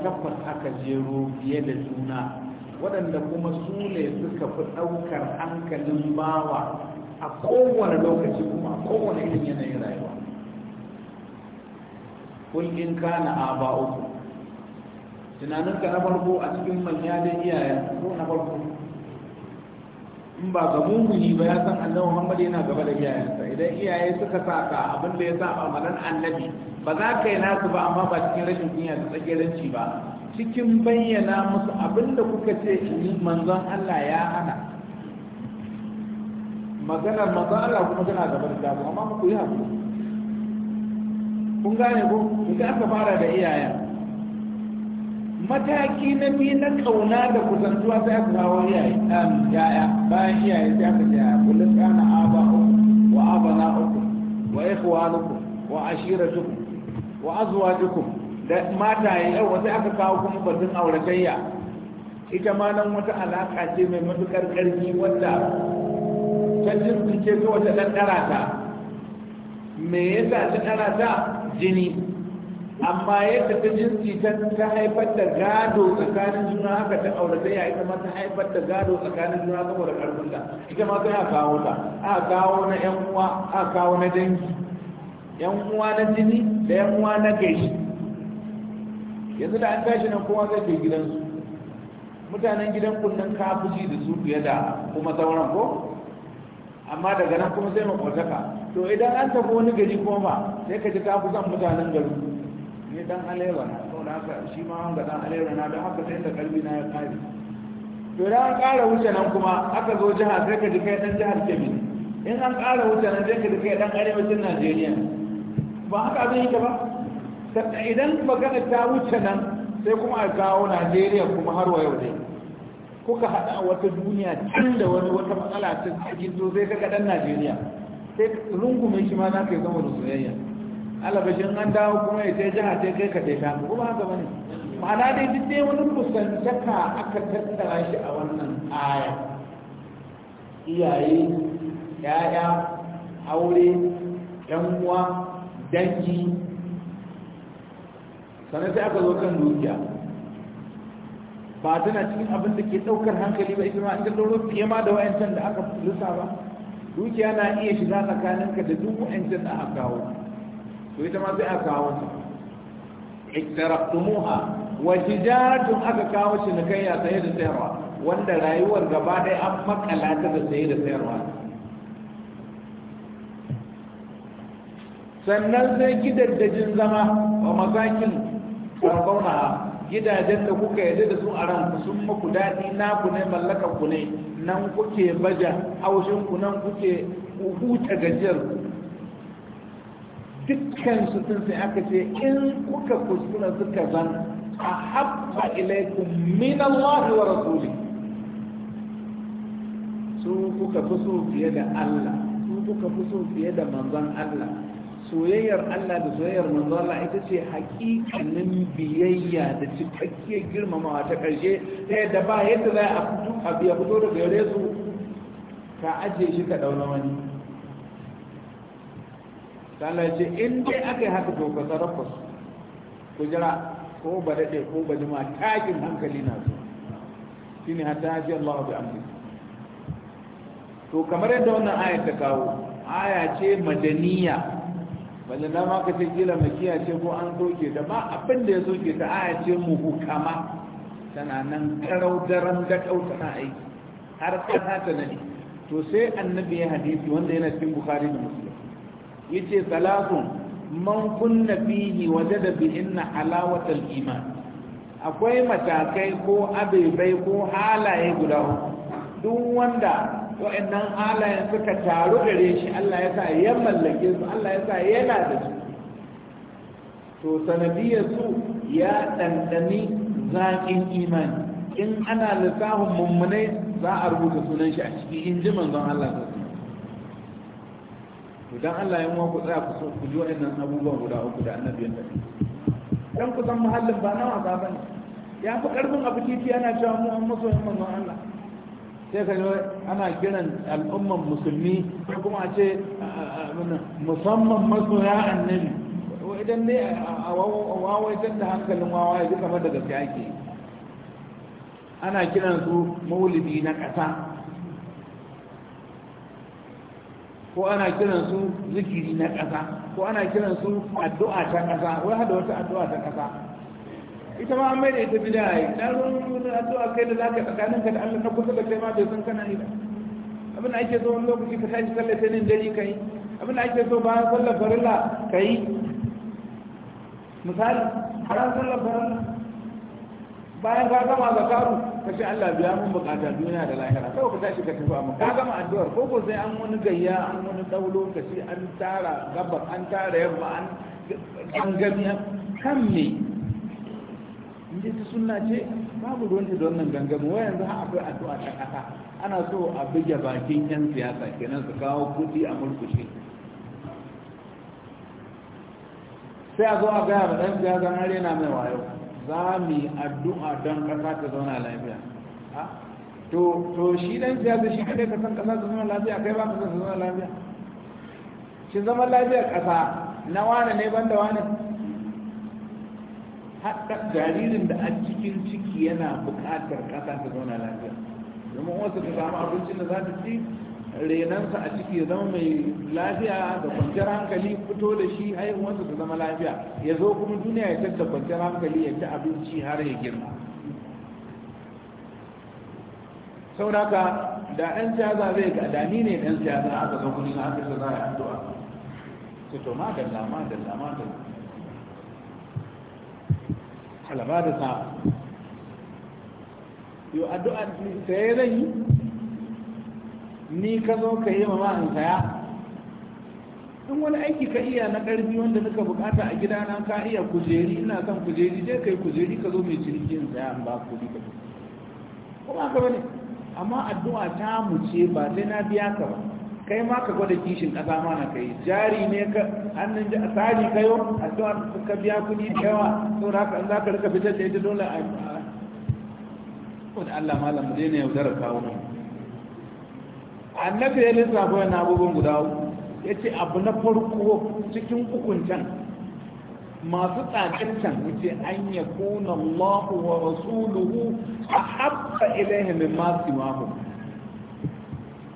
takwas aka jero fiye da juna waɗanda kuma su ne suka fi ɗaukar hankalin bawa a kowane lokaci kuma a kowane irin yanayin rayuwa kul in kana uku. tunaninka na farko a cikin manya da iyaye ko na farko in ba ga mummuni ba ya san annabi Muhammad yana gaba da iyayen idan iyaye suka sa ka abin da ya sa amalan annabi ba za ka yi nasu ba amma ba cikin rashin kunya da tsakiranci ba cikin bayyana musu abin da kuka ce ni, manzon Allah ya hana magana manzon Allah kuma tana gaban da amma muku yi hakuri kun gane ko idan aka fara da iyayen mataki na biyu na kauna da kusantuwa sai aka kawo iyaye um, yaya bayan iyaye sai aka ce kullum kana aba وأبناؤكم وإخوانكم وعشيرتكم وأزواجكم da mataye yau wasu aka kawo kuma batun auratayya ita ma nan wata alaƙa ce mai matuƙar ƙarfi wadda ta jirgin ce ta ɗan ɗarata me yasa ta ɗarata jini amma yadda ta jinsi ta haifar da gado tsakanin juna haka ta aurata ya ita ma ta haifar da gado tsakanin juna saboda karfin ta ita ma sai a kawo ta a kawo na yan uwa a kawo na dangi yan uwa na jini da yan uwa na gashi yanzu da an tashi nan kowa zai je gidansu mutanen gidan kunnen kafuji da su fiye da kuma sauran ko amma daga nan kuma sai makwataka to idan an tafi wani gari kuma ba sai ka ji ka kusan mutanen garin ne dan alewa na saboda haka shi ma wanga dan alewa na don haka sai da kalbi na ya kare to idan an kara wuce nan kuma aka zo jiha sai ka ji kai dan jihar kebbi in an kara wuce nan sai ka ji kai dan arewacin najeriya ba haka abin yi ba sannan idan magana ta wuce nan sai kuma a kawo najeriya kuma har wa yau dai kuka haɗa wata duniya tun da wani wata matsala ta cikin zo sai ka ga dan najeriya sai rungume shi ma za ka yi zama da soyayya alabashin an dawo kuma ya ce jiha ce kai ka ta kuma haka bane ma'ana dai duk dai wani kusantaka aka tattara shi a wannan aya iyaye ya'ya aure yan uwa dangi sannan sai aka zo kan dukiya ba tana cikin abin da ke ɗaukar hankali ba ita ma in ɗauro fiye ma da wa'ancan da aka lissa ba dukiya na iya shiga tsakaninka da duk wa'ancan da aka kawo to ita ma sai a kawo ta iktaraqtumuha wa tijaratun aka kawo shi na kai ya sayar da sayarwa wanda rayuwar gaba ɗaya an makala ta da da sayarwa sannan sai gidajen zama wa masakin karɓauna gidajen da kuka yarda da su a ran sun maku daɗi naku ne mallakan ku ne nan kuke baja haushin ku nan kuke huta gajiyar ku dukkan su sun sai aka ce in kuka kuskura suka zan a haɓa ilaikum min Allah wa rasuli su kuka fi so fiye da Allah su kuka fi so fiye da manzon Allah soyayyar Allah da soyayyar manzon Allah ita ce hakikanin biyayya da cikakkiyar girmamawa ta ƙarshe ta yadda ba yadda za a fito a biya fito daga gare su ka ajiye shi ka ɗauna wani Allah ce in dai aka yi haka doka ka sarrafa su ku jira ko ba daɗe ko ba jima takin hankali na su shine hatta ya ce Allah bi to kamar yadda wannan ayar ta kawo aya ce madaniya wanda na maka ce kila makiya ce ko an soke ta ba abin da ya soke ta aya ce mu hukama tana nan karau daren dakau tana aiki har kasa ta nani to sai annabi ya hadisi wanda yana cikin bukhari da muslim yace salatun man kunna fihi wajada bihinna halawatal iman akwai matakai ko abebai ko halaye guda duk wanda wa'annan halayen suka taru gare shi Allah ya sa ya mallake su Allah ya sa yana da su to sanadiyar su ya dandani zaƙin iman in ana lissafin mummunai za a rubuta sunan shi a ciki in ji manzon Allah sallallahu to dan Allah ya ku tsaya ku so ku ji wa'annan abubuwan guda uku da annabi ya tafi dan kusan mahallin ba na wasa ba ne ya fi karfin abu titi ana cewa mu an masoyin manzon Allah sai ka ana kiran al'umman musulmi kuma a ce musamman masoya annabi idan ne a wawaitar da hankalin wawaye duka kamar da gaske ake ana kiran su maulidi na ƙasa ko ana kiran su zikiri na ƙasa ko ana kiran su addu'a ta ƙasa wai hada wata addu'a ta ƙasa ita ma an maida ita bida yi na ruwan addu'a kai da zaka tsakanin ka da Allah na kusa da kai ma bai san kana yi ba abin da ake so wani lokaci ka tashi sallar sai nan dare kai abin da ake so bayan sallar farilla kai misali har sallar farilla bayan ka gama da karu ka ce Allah biya mun bukata duniya da lahira sai ka tashi ka tafi amma ka gama addu'ar ko ko sai an wani gayya an wani daulo ka shi an tara gabar an tara yamma an an gamiya kan me inda ta sunna ce babu ruwan ta don nan gangamu wa yanzu akwai addu'a ta kasa ana so a buge bakin yan siyasa kenan su kawo kudi a mulkushe sai a zo a gaya ma dan siyasa har yana mai wayo za mu yi addu'a don ƙasa ta zauna lafiya to shi dan da shi kada ka san ƙasa ta zauna lafiya kai ba ka san ta zauna lafiya shi zama lafiyar ƙasa na wane ne ban da wane haɗa jaririn da a cikin ciki yana buƙatar ƙasa ta zauna lafiya domin wasu ta samu abincin da za ta ci renansa a ciki ya zama mai lafiya da kwanciyar hankali fito da shi haihuwarsa ta zama lafiya ya zo kuma duniya ya tatta kwanciyar hankali ya ci abinci har ya girma sau da ka da ɗan siyasa zai ga da ni ne ɗan siyasa aka zo kuni na aka za a addu'a sai to ma dalla ma dalla ma dalla halaba da sa yo addu'a sai zai yi ni ka zo ka yi mama in saya in wani aiki ka iya na ƙarfi wanda nuka bukata a gidana ka iya kujeri ina son kujeri Je ka yi kujeri ka zo mai ciniki in saya in ba bi ka kuma ka bane amma addu'a ta mu ce ba sai na biya ka ba kai ma ka gwada kishin ƙasa ma na kai jari ne ka hannun tsari kayo addu'a ka biya kuɗi da yawa saboda haka in za ka rika fitar da ita dole a yi. wani Allah malam mu daina yaudarar kawo mu annabi ya ko yana abubuwan guda uku ya ce abu na farko cikin hukuncan masu tsakancen wuce an ya kuna Allah wa rasuluhu a haɓɓa ilaihi min masu mahu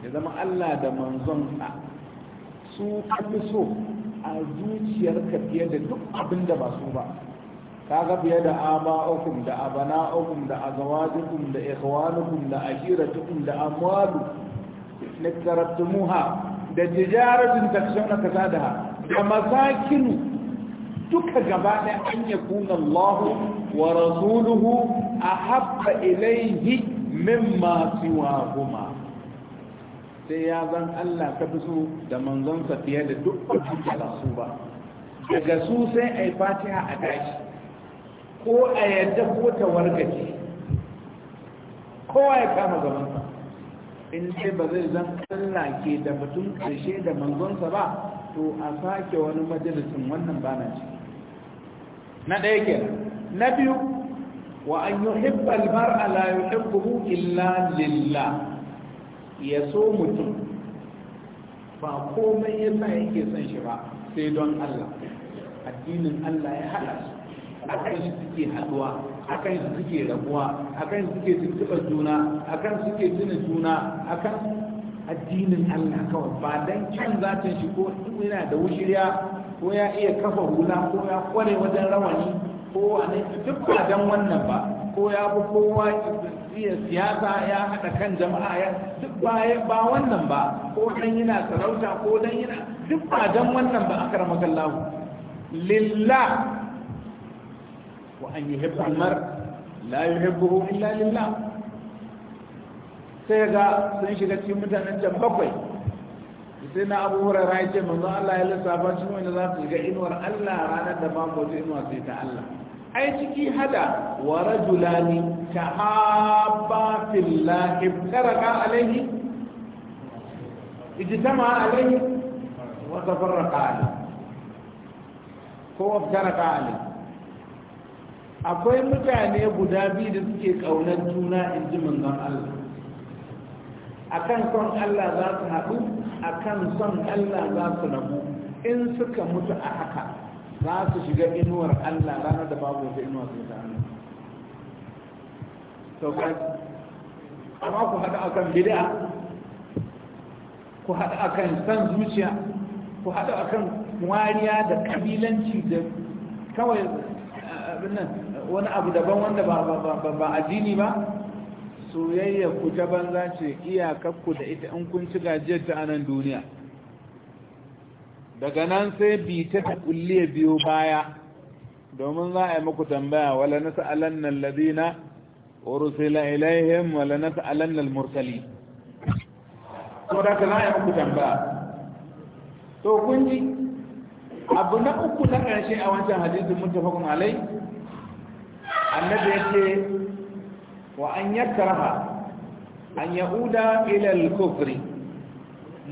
ya zama Allah da manzon manzonsa su kafi so a zuciyarka fiye da duk abin da ba su ba kaga fiye da aba'ukum da abana'ukum da azawajukum da ikhwanukum da ashiratukum da amwalukum nagzarattumuha da tijaratin tashanna kasadaha da masakin duka gaba da an yaku Allahu wa rasuluhu ahabba ilayhi mimma siwahuma sai ya zan Allah ka biso da manzon sa fiye da dukkan su ba daga su sai ai fatiha a dashi ko a yadda ko tawargaje kowa ya kama gaban in dai ba zai zan Allah ke da mutum karshe da manzonsa ba to a sake wani majalisin wannan na ce na ɗaya ke na biyu wa an yi hibbal mar'a la yuhibbuhu illa lillah ya so mutum ba komai yasa yake son shi ba sai don Allah addinin Allah ya haɗa su a kai shi suke haɗuwa akan su suke rabuwa akan suke tuntuɓa juna akan suke tuna juna akan addinin Allah kawai ba dan can ta shi ko yana da wushiriya ko ya iya kafa hula ko ya kware wajen rawani ko wane duk ba dan wannan ba ko ya fi kowa iya siyasa ya haɗa kan jama'a ya duk baya ba wannan ba ko dan yana sarauta ko dan yana duk ba dan wannan ba akar magallahu lillah وأن يحب المرء لا يحبه إلا لله سيغا سنشي لك يمتا نجم بقوي سينا أبو هريرة رايجي من ذا الله إلا سابا شنو إلا ذا تلقى إنوار ألا رانا دمام بوجه إنوار سيتا ألا أي تكي هدا ورجلان تحابا في الله ابتركا عليه اجتمع عليه وتفرق عليه هو ابتركا عليه akwai mutane guda biyu da suke kaunar juna in ji manzon Allah akan son Allah za su haɗu akan son Allah za su rabu in suka mutu a haka za su shiga inuwar Allah ranar da babu wata inuwa su ta hannu amma ku haɗu akan bid'a ku haɗu akan san zuciya ku haɗu akan wariya da kabilanci da kawai abin nan wani abu daban wanda ba addini ba soyayya ku ta banza ce iyakakku da ita in kun ci gajiyar ta anan duniya daga nan sai bi ta ta kulliya biyo baya domin za a yi muku tambaya wala na sa'alan nan ladina urusila ilaihim wala na sa'alan nan Murtali. so da ka za a yi muku tambaya to kun ji abu na uku na ƙarshe a wancan hadisin mutafakun alai annabi yake wa an yakraha an yauda ila al-kufri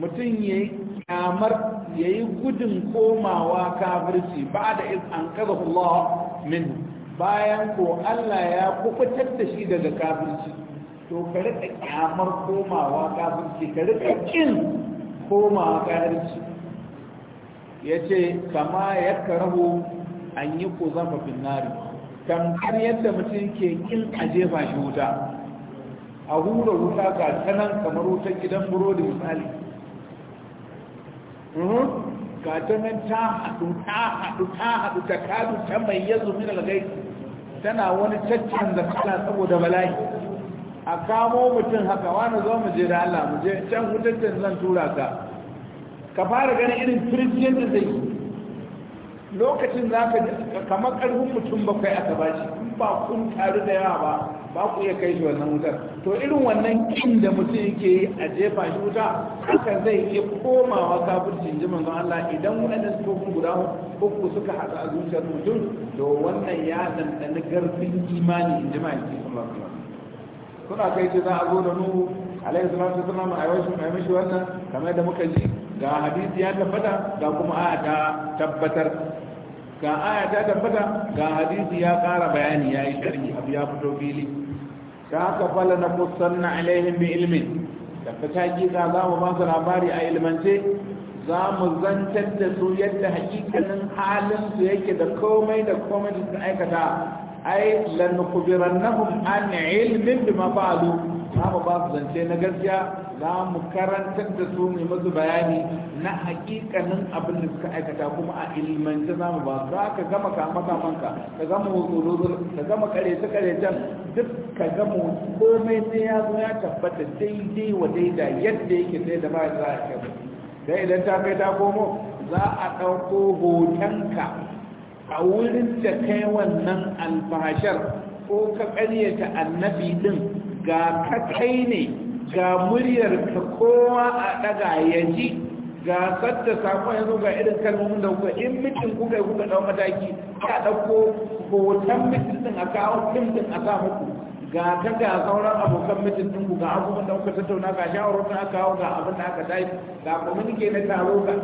mutun yayi kamar yayi gudun komawa kafirci da iz an kaza Allah min bayan ko Allah ya kufutar da shi daga kafirci to ka rika kyamar komawa kafirci ka rika kin komawa kafirci yace kama yakrahu an yi kuzafa fin nari tamkar yadda mutum ke kin a jefa shi wuta a hura wuta ga tanan kamar wutar gidan burodi misali mhm. ga tanan ta haɗu ta haɗu ta haɗu ta kadu ta mai yanzu min algai tana wani caccan da kala saboda bala'i a kamo mutum haka wani zo mu je da Allah mu je can wutar zan tura ka ka fara ganin irin firjiyar da zai yi lokacin za ka kamar ƙarfin mutum bakwai a ba shi in ba kun taru da yawa ba ba ku iya kai shi wannan wutar to irin wannan kin da mutum yake yi a jefa shi wuta haka zai iya komawa kafin ji manzon Allah idan waɗannan sufofin guda uku suka haɗu a zuciyar mutum to wannan ya ɗanɗani garfin imani in ji ma yake sun kuna kai ce za a zo da nuhu alayhi salatu wasallam a yawancin mai mishi wannan kamar da muka ji ga hadisi ya tabbata ga kuma a ta tabbatar ga aya ta tabbata ga hadisi ya ƙara bayani ya yi sharhi abu ya fito fili ta haka fala na musanna alaihim bi ilmin da taƙi hakika za mu ba labari a ilmance za mu zantar da su yadda hakikanin halin su yake da komai da komai da aikata ai lanukubirannahum an ilmin bima fa'alu za mu ba zance na gaskiya za mu karanta da su mai masu bayani na hakikanin abin da suka aikata kuma a ilmance za mu ba za ka gama kama kamanka ka gama wuzuruzur ka gama karece karecen duk ka gama komai sai ya zo ya tabbata daidai wa daida yadda yake sai da ba za a kai dai idan ta kai ta komo za a ɗauko hotonka a wurin da kai wannan alfahashar ko ka ƙaryata annabi din ga ka kai ne ga muryar ka kowa a daga ya ji ga sadda sako yanzu ga irin kalmomin da kuka in mutum kuka yi kuka dau mataki ka dauko hoton mutum din a kawo kim din a sa muku ga ta ga sauran abokan mutum din ku ga abubuwan da kuka tattauna ga shawarar aka kawo ga abin da aka tashi ga communique na taro ga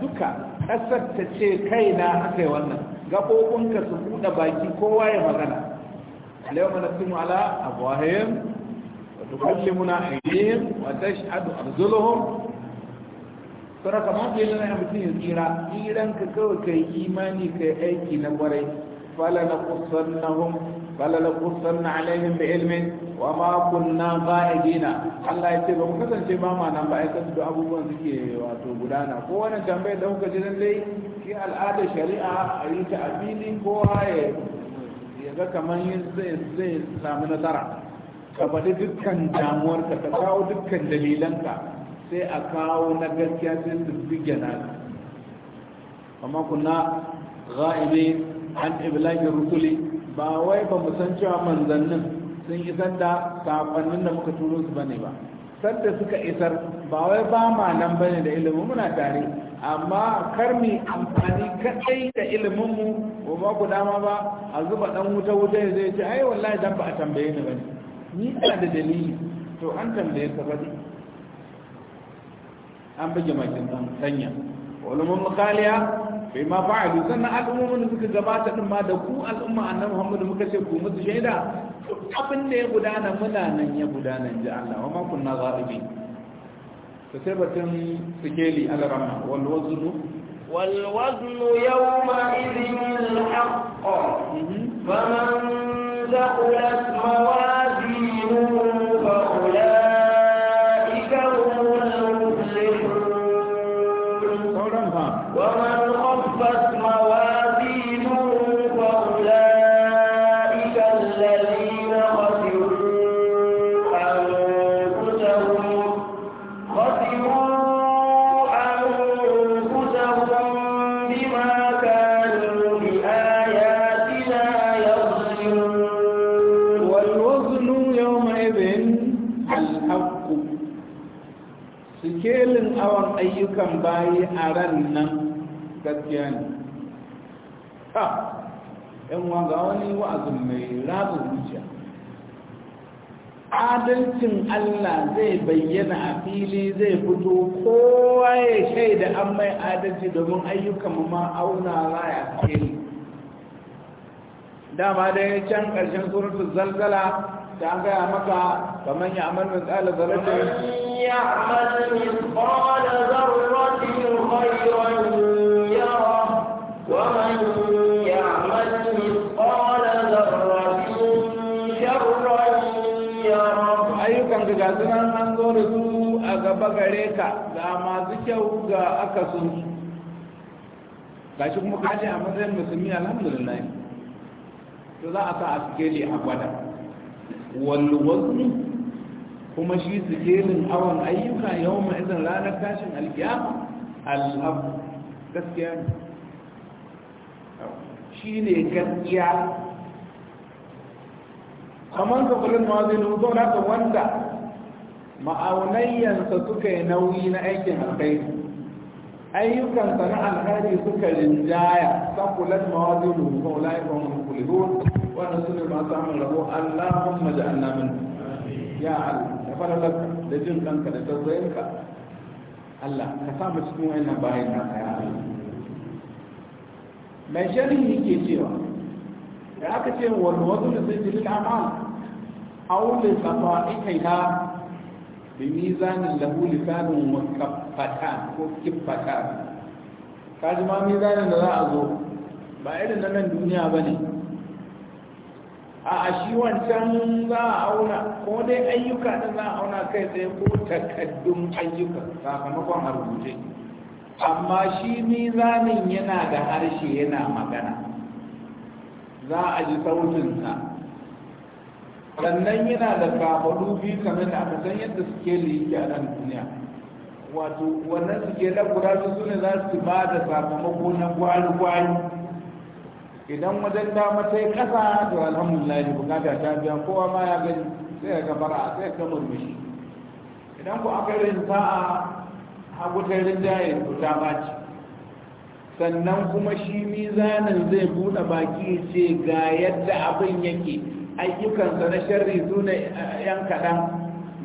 duka kasar ta ce kai na aka yi wannan gaɓoɓinka su buɗe baki kowa ya magana اليوم نختم على أفواههم وتكلمنا أيديهم وتشهد أرجلهم sura kama ke lana ya mutum ya tsira tsiran ka kawai kai imani kai aiki na kwarai fala na kusannahum fala na kusanna alaihim bi ilmin wa ma kunna qa'idina Allah ya ce ba mu kasance ba ma nan ba ai abubuwan suke wato gudana ko wannan tambayar da kuka ji nan dai shi al'ada shari'a a yi ta ko haye ga kamar yin zai samu nasara ka faɗi dukkan damuwarka ka kawo dukkan dalilanka sai a kawo na gaskiya sai su bige na amma kuna ra'ibi an iblagin rusuli ba wai ba mu san cewa manzannin sun isar da kafannin da muka turo su bane ba sanda suka isar ba wai ba ma nan bane da ilimin muna tare amma kar mu amfani kadai da ilimin mu ko ba ku dama ba a zuba dan wuta wuta ya zai ce ai wallahi dan ba a tambaye ni bane ni ina da dalili to an tambaye ka bane an bige makin dan sanya ulumun khaliya bai ma fa'alu sannan al'ummomin da suka gabata din ma da ku al'umma annabi Muhammadu muka ce ku musu shaida abin da ya gudana muna nan ya gudana ji Allah wa ma kunna zalimin فتبتم سكيلي على رمى والوزن والوزن يومئذ الحق فمن ثقلت موازينه alhaku sikelin awon ayyukan bayi a ran nan gaskiya ne ha yan ga wani wa'azin mai adalcin Allah zai bayyana a fili zai fito kowa ya shaida an mai adalci domin ayyukan ma auna raya fili dama dai ya can ƙarshen suratul zalzala da gaya maka kamar ya amal min tsala zarratin ya amal min tsala zarratin khairan yara wa man ya amal min tsala zarratin sharran yara ayyukan ka gasu nan an zo da su a gaba gare ka ga masu kyau ga akasun su gashi kuma kaji a matsayin musulmi alhamdulillah to za a sa a sikeli a gwada walwazmi kuma shi sikelin awon ayyuka yau mai izin ranar tashin alkiyama al'abu gaskiya ne shi ne gaskiya kamar ka kulin mawazin hutu na ka wanda ma'aunayyansa suka yi nauyi na aikin alkai ayyukansa na alkhairi suka rinjaya sakulan mawazin hutu la'ikon kulihun wannan su ne masu samun rabo allahumma ja'alna min ya allah da faralarka da jin kanka da tausayinka allah ka sa mu cikin wayannan bayan naka ya allah mai sharhi ke cewa da aka ce wa wasu da sai jilil amal aulin safa'ikaiha bi mizanin lahu lisanin wa kaffatan ko kiffata. kiffatan kaji ma mizanin da za a zo ba irin na nan duniya ba ne a shi wancan za a auna ko dai ayyuka da za a auna kai sai ko takaddun ayyuka sakamakon a rubuce amma shi mizanin yana da harshe yana magana za a ji sautinsa sannan yana da kafaɗu biyu kamar da aka san yadda suke liki a nan duniya wato wannan suke na guda su ne za su ba da sakamako na gwari-gwari idan wajen dama sai kasa to alhamdulillah bukata ta biya kowa ma ya gani sai ya gabara sai ka murmushi idan ku aka yi sa'a a ta rinjaye ku ta baci sannan kuma shi mizanin zai buɗe baki ce ga yadda abin yake ayyukansa na sharri su eh, yan kaɗan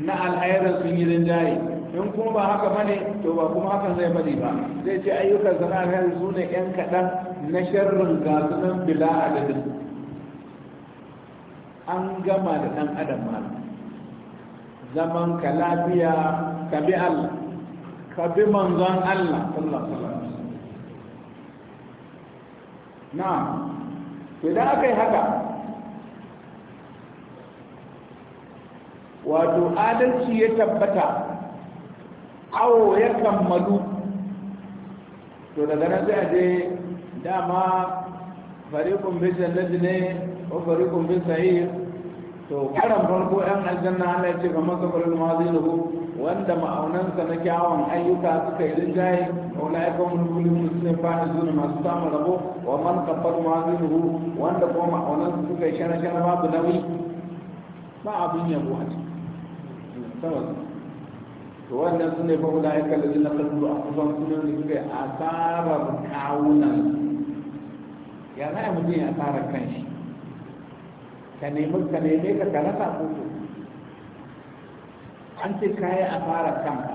na alhairar sun yi rinjaye in kuma ba haka ne to ba kuma hakan zai bari ba zai ce ayyukan sana kai su ne yan kaɗan na sharrin gasu bila adadin an gama da ɗan adam ma zaman ka lafiya ka bi Allah ka bi manzon Allah sallallahu alaihi wasallam na'am idan aka yi haka wato adalci ya tabbata awo ya kammalu to daga nan sai a je dama farikun bin jannati ne ko farikun bin sa'ir to karan farko yan aljanna Allah ya ce ga masa da ku. wanda ma'aunansa na kyawun ayyuka suka yi rinjaye ulaika hum kullu muslimin fa'izun masu samun rabo wa man kafar ku. wanda kuma ma'aunansa suka yi shana shana babu nauyi ba abin yabo a ciki to wannan su ne fa'ula ya kalli na kallu a kusan sunan da suka yi tsara kawunan ya za a mutum ya asarar kanshi ka nemi ka nemi ka ka rasa koko an ce ka yi a asarar kanka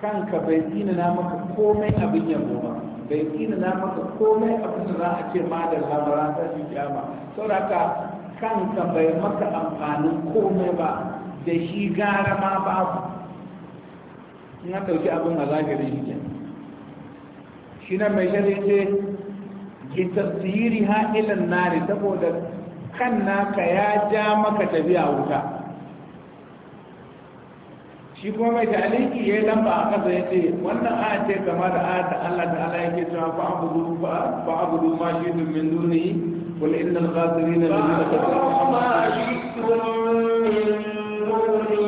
kanka bai tsina na maka komai abin yabo ba bai tsina na maka komai abin da za a ce ma da lamarin sashi kyama saboda kan kanka bai maka amfanin komai ba da shi gara ma babu in an ɗauki abin a zagari shi ke shi nan mai shari'a ce ki tasiri ha ilan nari saboda kan naka ya ja maka tafiya wuta shi kuma mai taliki ya yi lamba a kasa ya ce wannan a ce kama da a ta Allah ta Allah yake cewa ba ba fa abudu ma shi min duni na innal khasirina alladhina kafaru ma shi min duni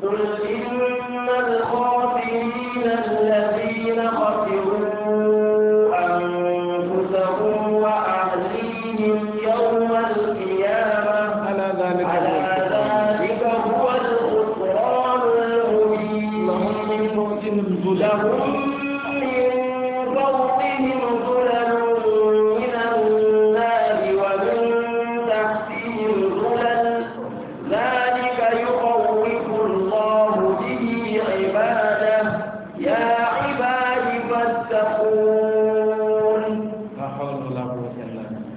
qul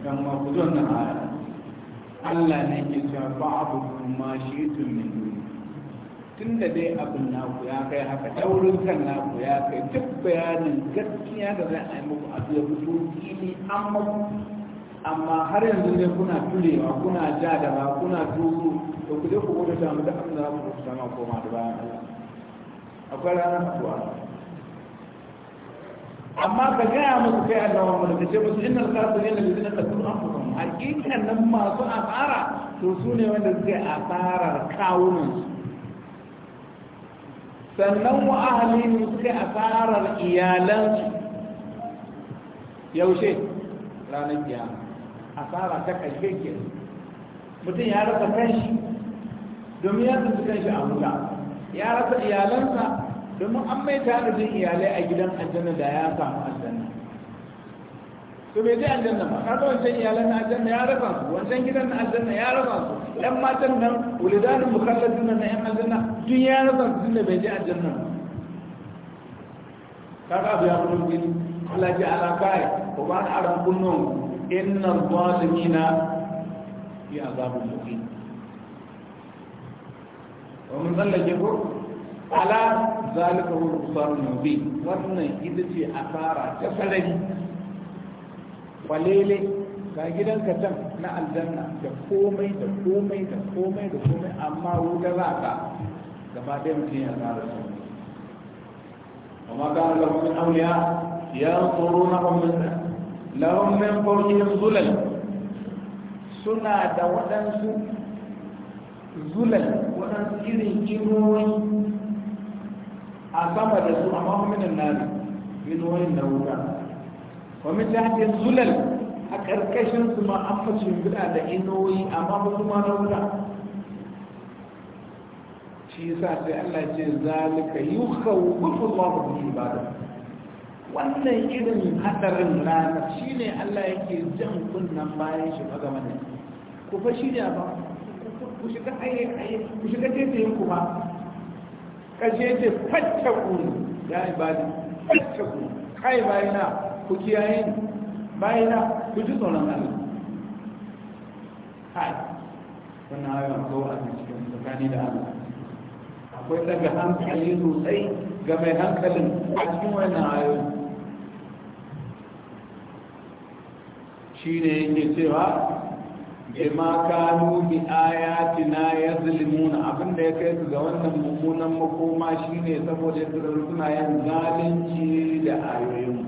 don mafuzon na haya Allah ne ke cewa ba abu kuma shi tun min tun da dai abin naku ya kai haka daurin kan naku ya kai duk bayanin gaskiya da zai a yi muku abu ya fito fili an mako. amma har yanzu ne kuna tulewa kuna ja da ba kuna tuku to ku dai ku gudu ta da abin da za ku gudu ma koma da bayan Allah akwai ranar kuwa amma ka gaya musu kai Allah wa ka ce musu innal kafirin alladhina qatalu anfusahum hakikan nan masu asara to su ne wanda suke asarar kawunan sannan wa ahlin suke asarar iyalan yaushe ranar kiyama asara ta kashe ke mutum ya rasa kanshi domin ya tsinci kanshi a wuta ya rasa iyalansa domin an mai ta adadin iyalai a gidan aljanna da ya samu aljanna to bai je aljanna ba kaga wancan iyalan na aljanna ya raba su wancan gidan na aljanna ya raba su yan matan nan wulidanin mukallafin na yan aljanna duk ya raba su tunda bai je aljanna ba kaga abu ya kuma gini Allah ji ala kai ko ba na ran kunnon inna zalimina fi azabul muqim wa mun zalla ko ala zalika huwa kusanun mubin wannan ita ce asara ta sarari walele ga gidanka can na aljanna da komai da komai da komai da komai amma wuta za ka gaba ɗaya mutum ya zara su amma ga alamun min auliya ya tsoro na kwamin lahun min fauƙin zulal suna da waɗansu zulal waɗansu irin kimoyi a sama da su amma huminan nari min wani na wuta kwamin da haɗe zulal a ƙarƙashin su ma an fashe guda da inoyi amma ba su ma na wuta shi yasa sai Allah ce zalika yukhawwifu Allahu bihi ibada wannan irin hadarin rana shine Allah yake jan kunnan bayan shi ga mana ku fa shi da ba ku shiga ayi ayi ku shiga tayin ku ba ƙashe ce fattaku ya ibadi fattaku kai bayina ku kiyaye bayina ku ji tsoron Allah kai wannan ayon zo a cikin tsakani da Allah akwai daga hankali sosai ga mai hankalin a cikin wannan ayoyi shi ne yake cewa bima kanu bi ayatina yazlimuna abinda ya kai su ga wannan mummunan makoma shine saboda su suna yin zalunci da ayoyin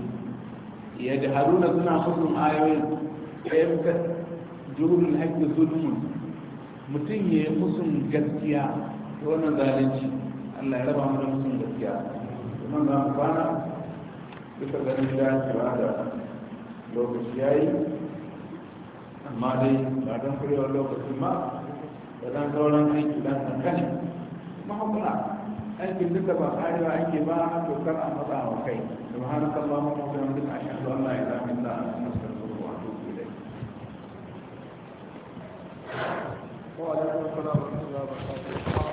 ya Haruna suna hukun ayoyin ya yi muka jurul haƙƙi zulmun mutum ya yi musun gaskiya ta wannan zalunci Allah ya raba mana musun gaskiya kuma za mu kwana duka ganin dacewa da lokaci yayi amma dai ba don kurewar lokaci ma da dan sauran aiki dan kuma hakuna aikin duk da ba ba ake ba dokar a matsa wa kai subhanaka allahumma wa bihamdika ashhadu da la ilaha illa anta astaghfiruka wa atubu